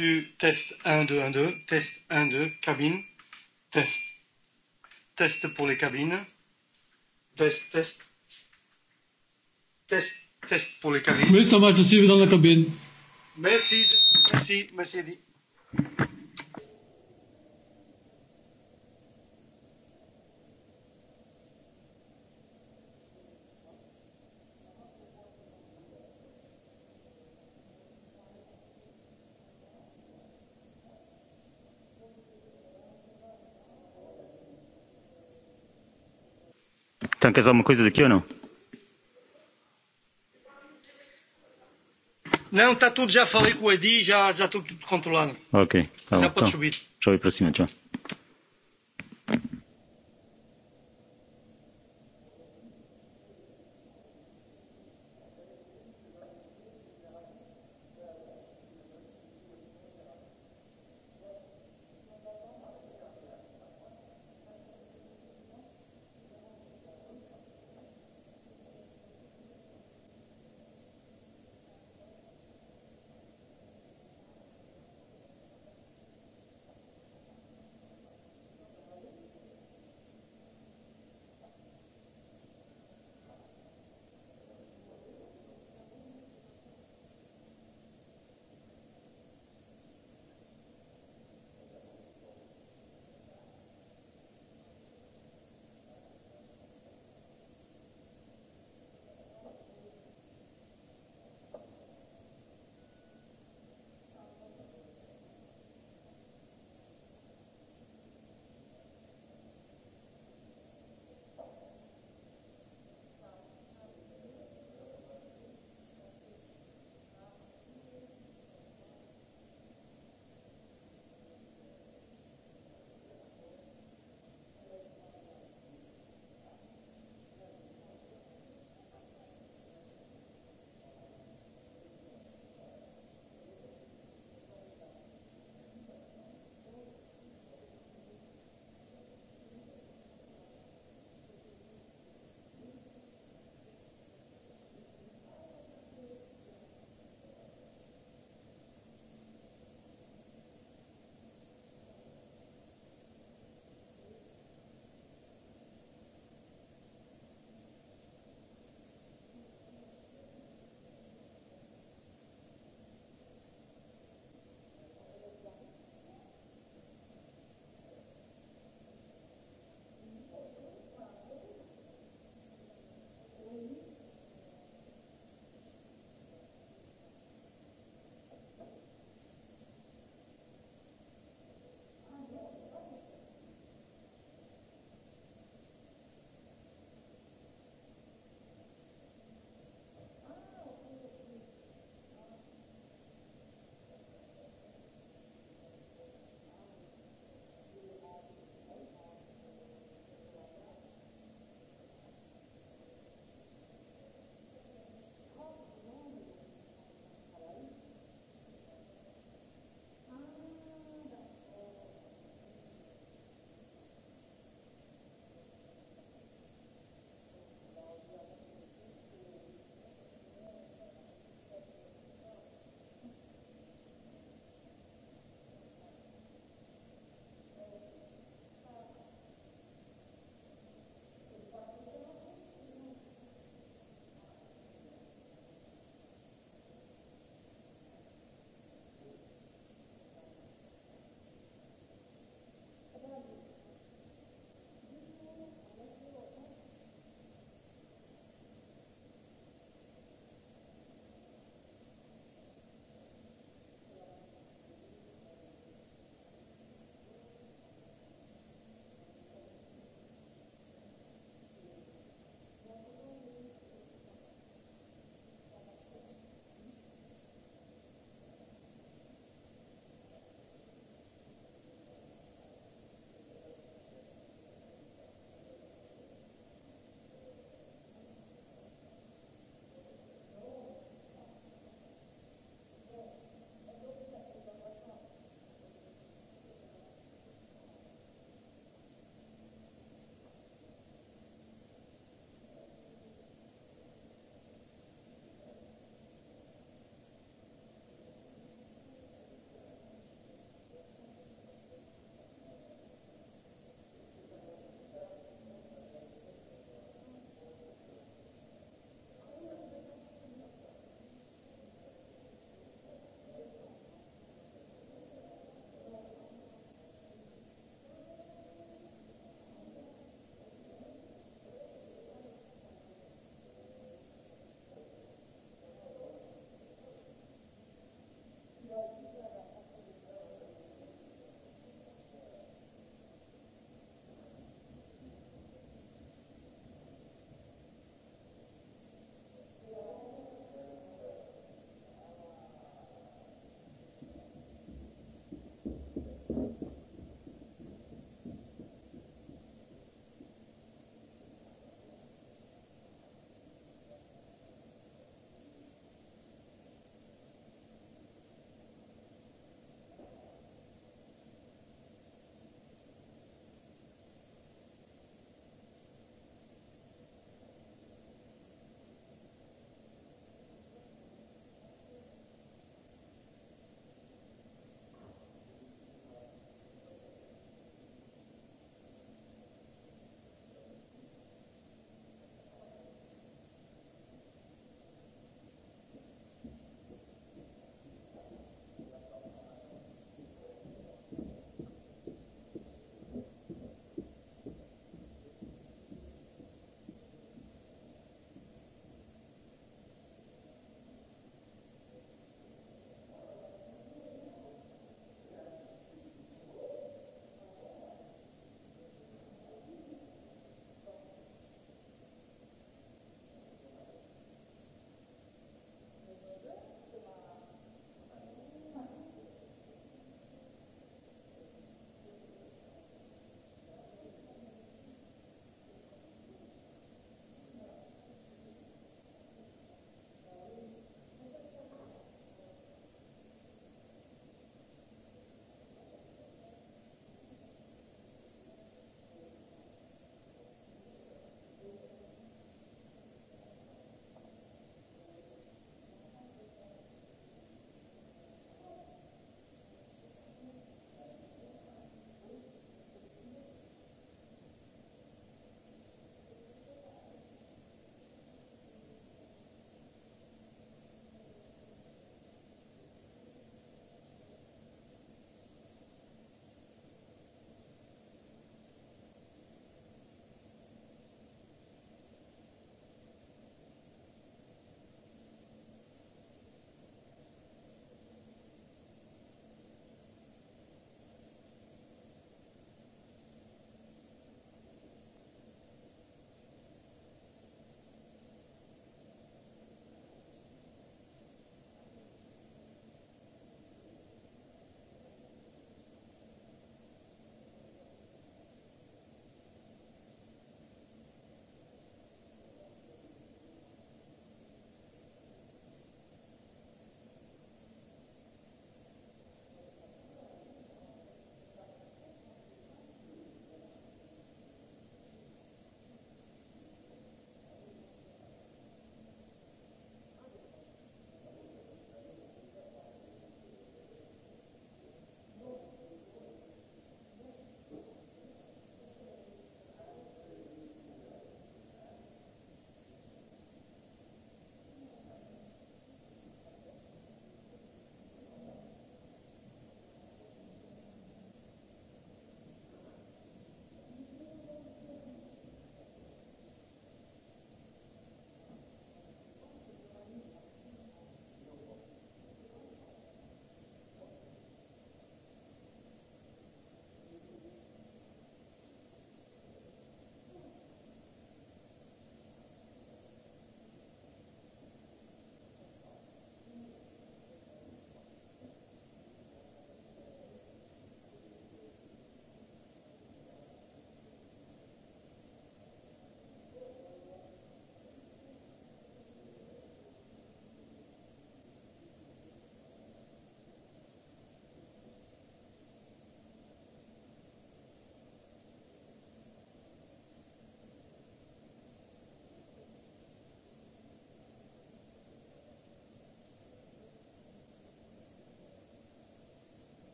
tu test 1, 2, 1, 2, test 1, 2, cabine, test. Test pour les cabines. Test, test. Test, test pour les cabines. Merci, merci, merci. Merci, merci, merci. Tem que dizer alguma coisa daqui ou não? Não, está tudo, já falei com o Edi, já está tudo controlado. Ok, já pode subir. Já vou para cima, tchau.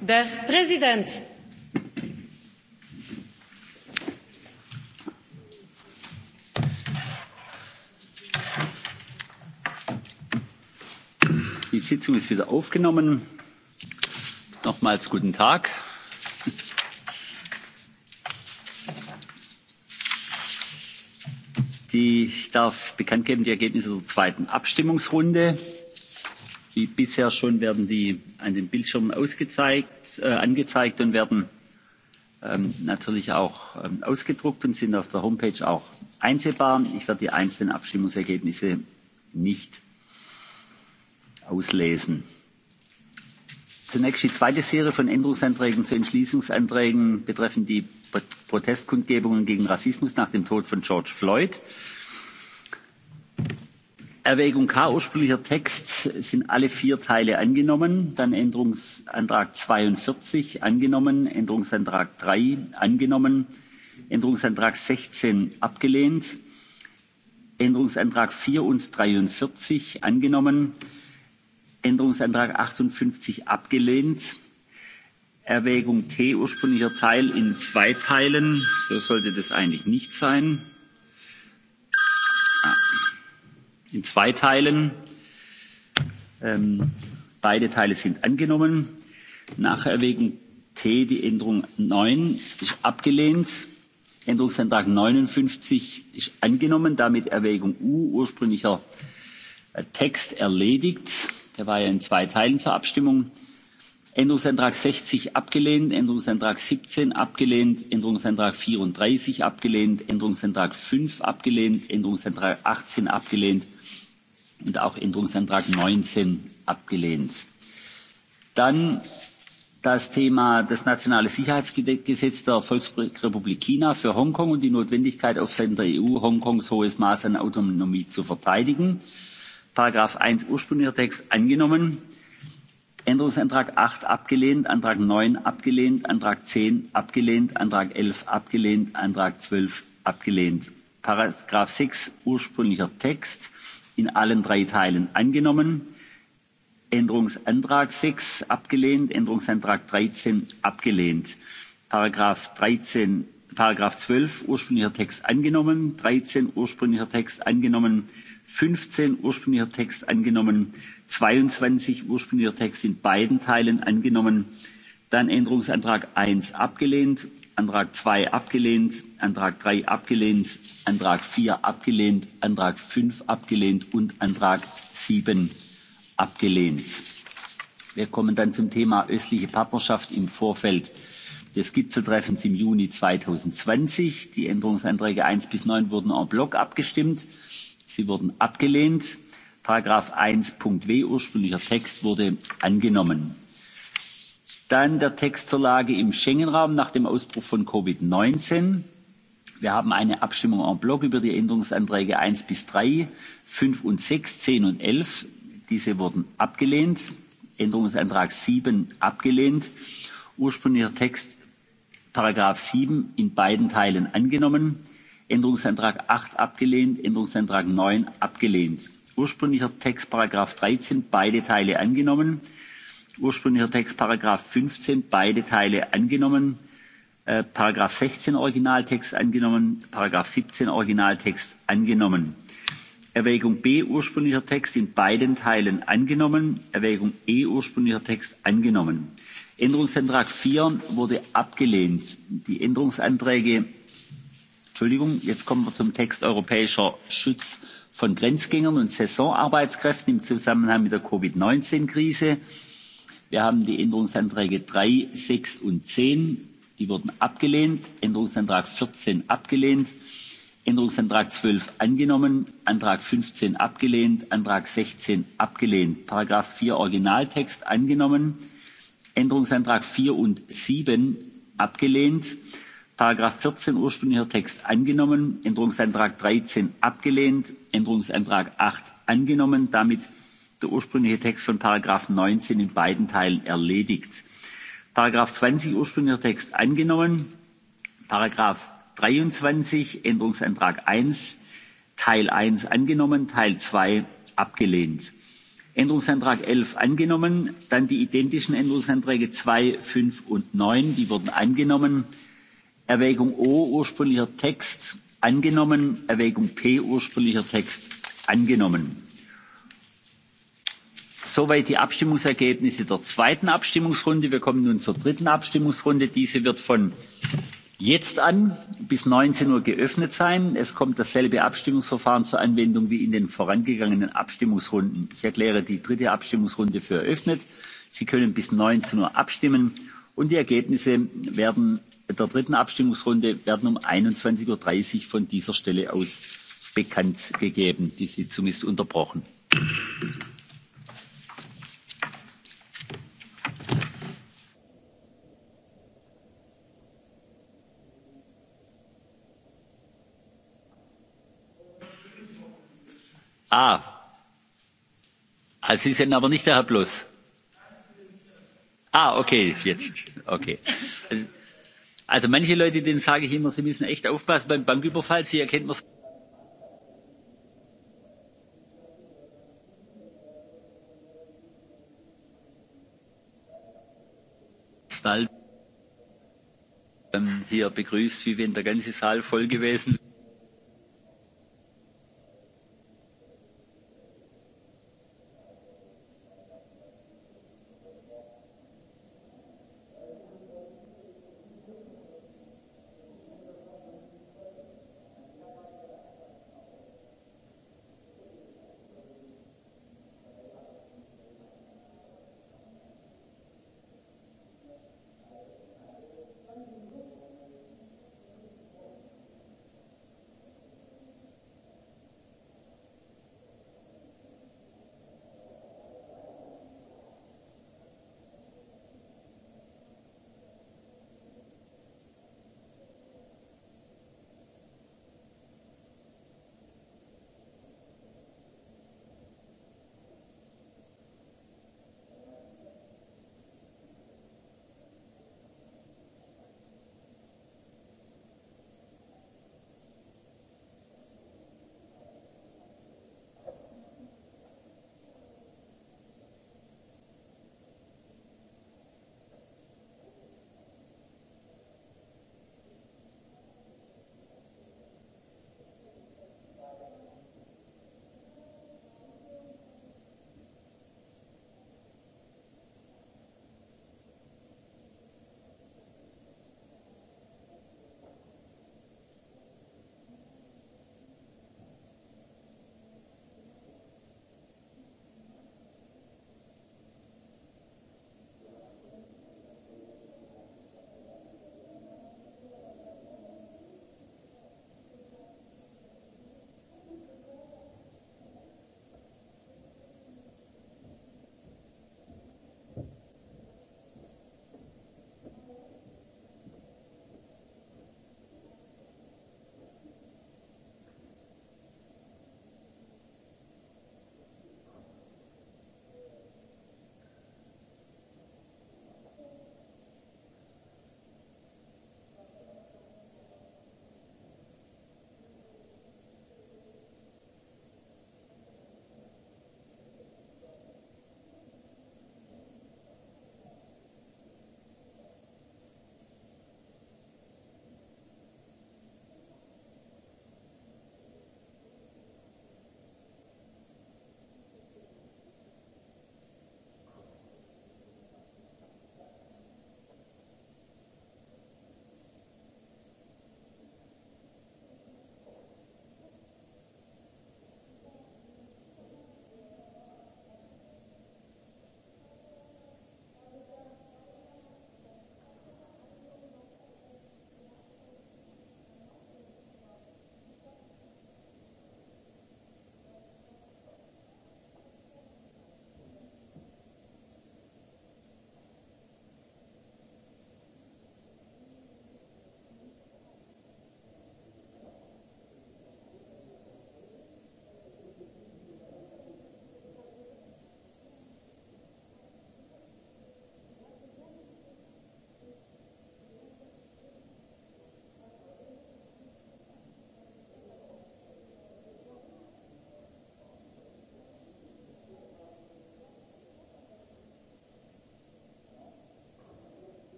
Der Präsident. Die Sitzung ist wieder aufgenommen. Nochmals guten Tag. Die, ich darf bekannt geben die Ergebnisse der zweiten Abstimmungsrunde wie bisher schon werden die an den Bildschirmen ausgezeigt, äh, angezeigt und werden ähm, natürlich auch ähm, ausgedruckt und sind auf der Homepage auch einsehbar. Ich werde die einzelnen Abstimmungsergebnisse nicht auslesen. Zunächst die zweite Serie von Änderungsanträgen zu Entschließungsanträgen betreffend die Protestkundgebungen gegen Rassismus nach dem Tod von George Floyd. Erwägung K, ursprünglicher Text, sind alle vier Teile angenommen. Dann Änderungsantrag 42 angenommen, Änderungsantrag 3 angenommen, Änderungsantrag 16 abgelehnt, Änderungsantrag 4 und 43 angenommen, Änderungsantrag 58 abgelehnt, Erwägung T, ursprünglicher Teil in zwei Teilen. So sollte das eigentlich nicht sein. in zwei Teilen. Ähm, beide Teile sind angenommen. Nachher wegen T die Änderung 9 ist abgelehnt. Änderungsantrag 59 ist angenommen, damit Erwägung U ursprünglicher äh, Text erledigt. Der war ja in zwei Teilen zur Abstimmung. Änderungsantrag 60 abgelehnt, Änderungsantrag 17 abgelehnt, Änderungsantrag 34 abgelehnt, Änderungsantrag 5 abgelehnt, Änderungsantrag 18 abgelehnt, und auch Änderungsantrag 19 abgelehnt. Dann das Thema das nationale Sicherheitsgesetz der Volksrepublik China für Hongkong und die Notwendigkeit auf Seiten der EU, Hongkongs hohes Maß an Autonomie zu verteidigen. Paragraph 1 ursprünglicher Text angenommen. Änderungsantrag 8 abgelehnt, Antrag 9 abgelehnt, Antrag 10 abgelehnt, Antrag 11 abgelehnt, Antrag 12 abgelehnt. Paragraph 6 ursprünglicher Text in allen drei Teilen angenommen. Änderungsantrag 6 abgelehnt, Änderungsantrag 13 abgelehnt. Paragraph 13, Paragraph 12 ursprünglicher Text angenommen, 13 ursprünglicher Text angenommen, 15 ursprünglicher Text angenommen, 22 ursprünglicher Text in beiden Teilen angenommen, dann Änderungsantrag 1 abgelehnt, Antrag zwei abgelehnt, Antrag drei abgelehnt, Antrag vier abgelehnt, Antrag fünf abgelehnt und Antrag sieben abgelehnt. Wir kommen dann zum Thema östliche Partnerschaft im Vorfeld des Gipfeltreffens im Juni 2020. Die Änderungsanträge eins bis neun wurden en bloc abgestimmt. Sie wurden abgelehnt. Paragraph eins Punkt W ursprünglicher Text wurde angenommen. Dann der Text zur Lage im Schengen-Raum nach dem Ausbruch von Covid-19. Wir haben eine Abstimmung en bloc über die Änderungsanträge 1 bis 3, 5 und 6, 10 und 11. Diese wurden abgelehnt. Änderungsantrag 7 abgelehnt. Ursprünglicher Text Paragraph 7 in beiden Teilen angenommen. Änderungsantrag 8 abgelehnt, Änderungsantrag 9 abgelehnt. Ursprünglicher Text Paragraph 13 beide Teile angenommen ursprünglicher Text, Paragraph 15, beide Teile angenommen. Äh, Paragraph 16 Originaltext angenommen, Paragraph 17 Originaltext angenommen. Erwägung B ursprünglicher Text in beiden Teilen angenommen, Erwägung E ursprünglicher Text angenommen. Änderungsantrag 4 wurde abgelehnt. Die Änderungsanträge Entschuldigung, jetzt kommen wir zum Text europäischer Schutz von Grenzgängern und Saisonarbeitskräften im Zusammenhang mit der Covid-19-Krise. Wir haben die Änderungsanträge 3, 6 und 10. Die wurden abgelehnt. Änderungsantrag 14 abgelehnt. Änderungsantrag 12 angenommen. Antrag 15 abgelehnt. Antrag 16 abgelehnt. Paragraph 4 Originaltext angenommen. Änderungsantrag 4 und 7 abgelehnt. Paragraph 14 ursprünglicher Text angenommen. Änderungsantrag 13 abgelehnt. Änderungsantrag 8 angenommen. Damit der ursprüngliche Text von Paragraph 19 in beiden Teilen erledigt. Paragraph 20 ursprünglicher Text angenommen. Paragraph 23 Änderungsantrag 1 Teil 1 angenommen, Teil 2 abgelehnt. Änderungsantrag 11 angenommen, dann die identischen Änderungsanträge 2, 5 und 9, die wurden angenommen. Erwägung O ursprünglicher Text angenommen, Erwägung P ursprünglicher Text angenommen. Soweit die Abstimmungsergebnisse der zweiten Abstimmungsrunde. Wir kommen nun zur dritten Abstimmungsrunde. Diese wird von jetzt an bis 19 Uhr geöffnet sein. Es kommt dasselbe Abstimmungsverfahren zur Anwendung wie in den vorangegangenen Abstimmungsrunden. Ich erkläre die dritte Abstimmungsrunde für eröffnet. Sie können bis 19 Uhr abstimmen und die Ergebnisse werden der dritten Abstimmungsrunde werden um 21.30 Uhr von dieser Stelle aus bekannt gegeben. Die Sitzung ist unterbrochen. Ah. Sie sind aber nicht der Herr Plus. Ah, okay, jetzt. Okay. Also, also manche Leute, denen sage ich immer, sie müssen echt aufpassen beim Banküberfall, sie erkennt man ähm, hier begrüßt, wie wenn der ganze Saal voll gewesen wäre.